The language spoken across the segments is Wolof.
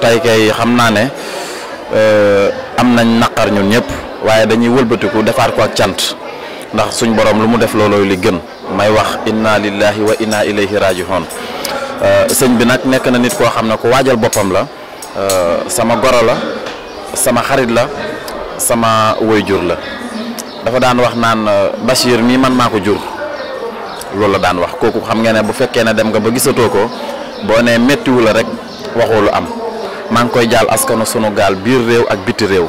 tey kay xam naa ne euh, am nañ naqar ñun ñëpp waaye dañuy wëlbatiku defaat ko ak cant ndax suñ borom lu mu def loolooy li gën may wax inna lillahi wa inna ilayhi rajihoon euh, sëñ bi nag nekk na nit koo xam ne ku waajal boppam la euh, sama goro la sama xarit la sama jur la dafa daan wax naan Bachir mii man maa ko jur loolu la daan wax kooku xam nga ne bu fekkee ne dem nga ba gisatoo ko boo nee méttiwu la rek waxoo lu am maa ngi koy jaal askanu sunu gaal biir réew ak biti réew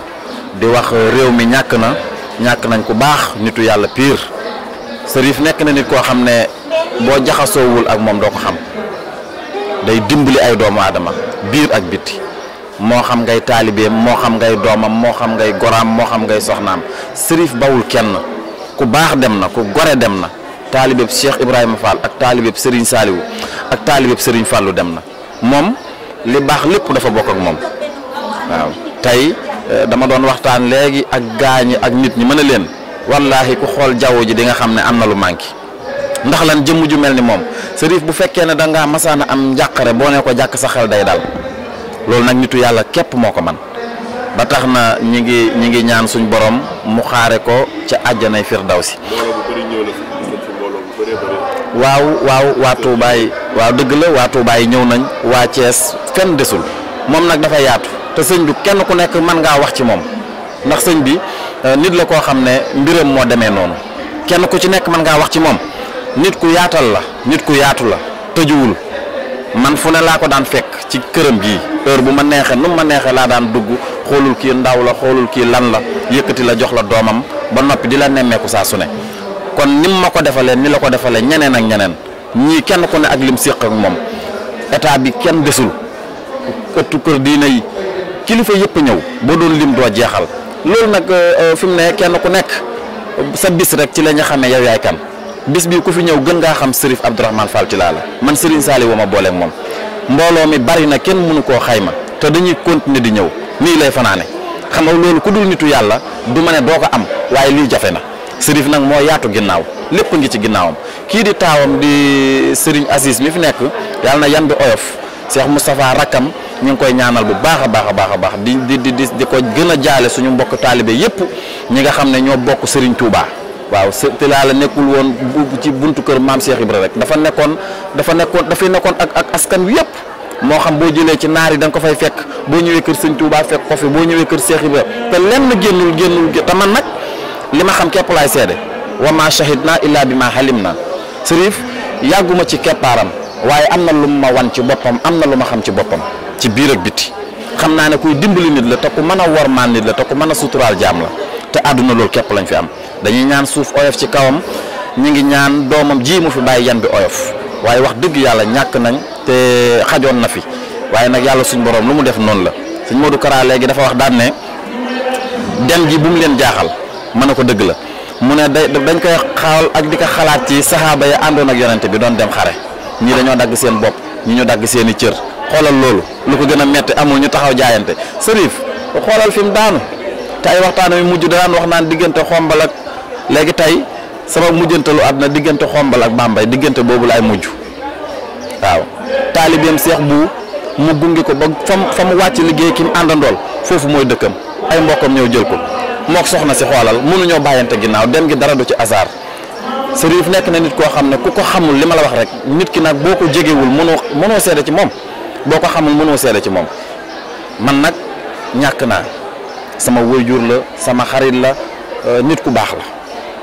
di wax euh, réew mi ñàkk na ñàkk nañ ku baax nitu yàlla pire Cherif nekk na nit koo xam ne boo jaxasoowul ak moom doo ko xam day dimbali ay doomu aadama biir ak biti moo xam ngay taalibeem moo xam ngay doomam moo xam ngay goraam moo xam ngay soxnaam Cherif bawul kenn ku baax dem na ku gore dem na taalibeeb Cheikh Ibrahima Fall ak taalibeeb Serigne Saliou ak taalibeeb Serigne Fallou dem na moom li baax lépp dafa bokk ak moom waaw tey eh, dama doon waxtaan léegi ak gaañ ak nit ñi mën a leen wallaahi ku xool jaww ji di nga xam ne am na lu manqué ndax lan jëmm ju mel ni moom sëriif bu fekkee ne da masaan masaana am njàqare boo ne ko jàkk sa xel day dal loolu nag nitu yàlla képp moo ko man ba tax na ñi ngi ñi ngi ñaan suñ boroom mu xaare ko ca àjjanay firdawsi waaw waaw waa tuubaay waaw dëgg la waatu Touba ñëw nañ waa cees fenn desul moom nag dafa yaatu te sëñ bi kenn ku nekk mën ngaa wax ci moom ndax sëñ bi euh, nit la koo xam ne mbiram moo demee noonu kenn ku ci nekk mën ngaa wax ci moom nit ku yaatal la nit ku yaatu la tëjuwul man fu ne laa ko daan fekk ci këram gii heure bu ma neexee nu ma neexee laa daan dugg xoolul kii ndaw la xoolul kii lan la yëkkati la jox la doomam ba noppi di la nemmeeku saa su ne kon nim ma ko defalee ni la ko defalee ñeneen ak ñeneen. ñii kenn ku ne ak lim séq ak moom état bi kenn desul ëttu kër diina kilifa yëpp ñëw boo doon lim doo jeexal loolu nag euh, euh, fi mu ne kenn ku nekk sa bis rek ci la ñu xamee yow yaay kan bis bi ku fi ñëw gën ngaa xam Serif Abdourahmane Fall Tilala la man Serigne Saliou ma booleeg moom mbooloo mi bari na kenn mënu koo xayma te dañuy continuer di ñëw nii lay fanaane xam nga loolu ku dul nitu yàlla du ma ne doo ko am waaye lii jafe na Serif nag moo yaatu ginnaaw lépp ngi ci ginnaawam. kii di taawam di Serigne Aziz mi fi nekk yàlla na yan bi oyof Cheikh Moustapha rakkam ñu ngi koy ñaanal bu baax a baax a baax a baax di di di di ko gën a jaale suñu mbokk taalibe yépp ñi nga xam ne ñoo bokk Serigne Touba waaw te laa nekkul woon ci buntu kër maam Cheikh Ibra rek dafa nekkoon dafa nekkoon dafay nekkoon ak ak askan wi yépp moo xam boo jëlee ci naar yi da ko fay fekk boo ñëwee kër Serigne Touba fekk ko fi boo ñëwee kër Cheikh Ibra te lenn génnul génnul te man nag li ma xam képp laay seede wa ma shahid na illaa bi ma halim Serif yàgguma ci keppaaram waaye am na lu ma wan ci boppam am na lu ma xam ci boppam ci biir ak biti xam naa ne kuy dimbali nit la te ku mën a wormaal nit la te ku mën a suturaal jaam la te àdduna loolu képp lañ fi am dañuy ñaan suuf oyof ci kawam ñi ngi ñaan doomam ji mu fi bàyyi yan bi oyof waaye wax dëgg yàlla ñàkk nañ te xajoon na fi waaye nag yàlla suñ borom lu mu def noonu la suñ Modou Kara léegi dafa wax daan ne dem gi bu mu leen jaaxal mën na ko dëgg la. mu ne day dañ koy xaal ak di ko xalaat ci saxaaba yi àndoon ak yonent bi doon dem xare ñii dañoo dagg seen bopp ñi ñu dagg seeni cër xoolal loolu lu ko gën a metti amul ñu taxaw jaayante sërif xoolal fi mu daanu te ay waxtaan wi mujj daan wax naan diggante xombal ak léegi tey sama mujjantalu àdduna diggante xombal ak bambay diggante boobu ay mujj waaw taalibeem seex bu mu gunge ko ba fa mu wàcc liggéey ki mu àndandool foofu mooy dëkkam ay mbokkam ñëw jël ko mook soxna si xoolal mënuñoo bàyyante ginnaaw dem gi dara du ci hasard Cherif nekk na nit koo xam ne ku ko xamul li ma la wax rek nit ki nag boo ko jegewul mënoo mënoo seede ci moom boo ko xamul mënoo seede ci moom man nag ñàkk naa sama waajur la sama xarit la euh, nit ku baax la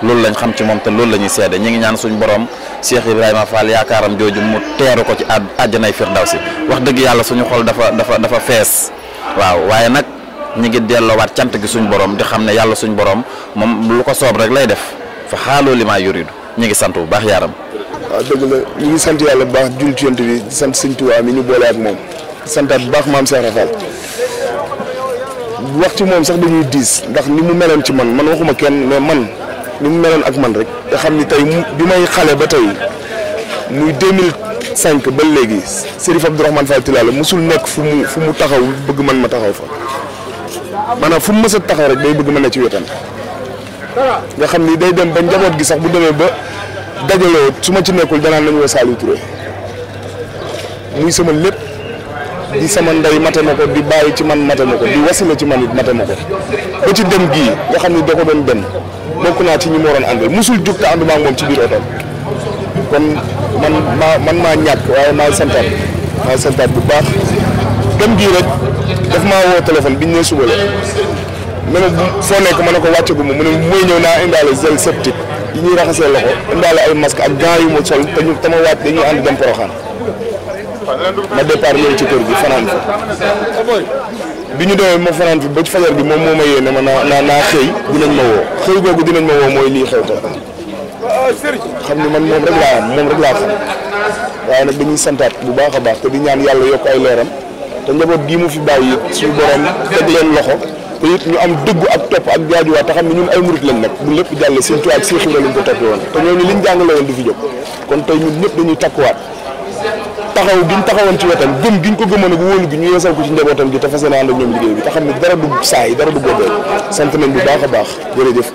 loolu lañ xam ci moom te loolu la ñuy seede ñu ngi ñaan suñu borom Cheikh Ibrahima Fall yaakaaram jooju mu teeru ko ci àjjanay firdaw si wax dëgg yàlla suñu xol dafa dafa dafa fees waaw waaye nag ñu ngi delloowaat cant gi suñu boroom di xam ne yàlla suñu boroom moom lu ko soob rek lay def fa xaaloo li maa yuridu ñu ngi sant bu baax yaaram. waaw ah, dëgg la ñu ngi sant yàlla bu baax jullit yont bi di sant sëñ Tuubaa mi ñu boole ak moom. santaat bu baax maam Cheikh Rafal wax ci moom sax dañuy diis ndax ni mu meloon ci man man waxuma kenn mais man ni mu meloon ak man rek. nga xam ni tey bi may xale ba tey muy mil 2005 ba léegi Serif Abdourahmane Fall Tilala mosul nekk fu mu fu mu taxaw bëgg man ma taxaw fa. maanaam fu mu mës a taxaw rek day bëgg mën na ci wetam nga xam ni day dem ba njaboot gi sax bu demee ba dajaloo su ma ci nekkul danaan nañu woo Saliou Touré muy sama lépp di sama ndey mate ma ko di bàyyi ci man mate ma ko di wasila ci man it mate ma ko ba ci dem gii nga xam ni da ko doon dem bokk naa ci ñi mu waroon àndal musul jóg te ànduma moom ci biir oto kon man maa man maa ñàkk waaye maa santaat maa santaat bu baax. dem gii rek daf maa woo bi ñu ne suba la ma ne foo nekk ma ne ko wàcce gu ma mu ne mooy ñëw naa indaale gel septique yi ñuy raxasee loxo indaale ay masque ak gants yu ma sol te ñu tama wàcc dañuy ànd dem Poroxaan ma départ ci kër gi fanaan ñu demee ma fanaan fi ba ci bi moom moo ma yéene ma naa naa xëy dinañ ma woo xëy ma woo xam ni man moom rek laa am moom rek laa xam waaye nag dañuy santaat bu baax a baax te di ñaan yàlla yokk ay leeram te njaboot gii mu fi bàyyi suñu borom teg leen loxo te it ñu am dëggu ak topp ak jaajuwaat te xam ne ñun ay murit lañ nag bu lépp jàllee seen tuwaay ak seen xibaar lañ ko toppee woon te ñooñu liñ jàngale woon du fi jóg kon tey ñun ñëpp dañuy takkuwaat taxaw gi ñu taxawoon ci wetam gëm gi ñu ko gëmoon ak wóolu gi ñu yeesal ko ci njabootam gi te fas yéene ànd ak ñoom liggéey bi te xam ne dara du saay dara du boobee sant nañ bu baax a baax jërëjëf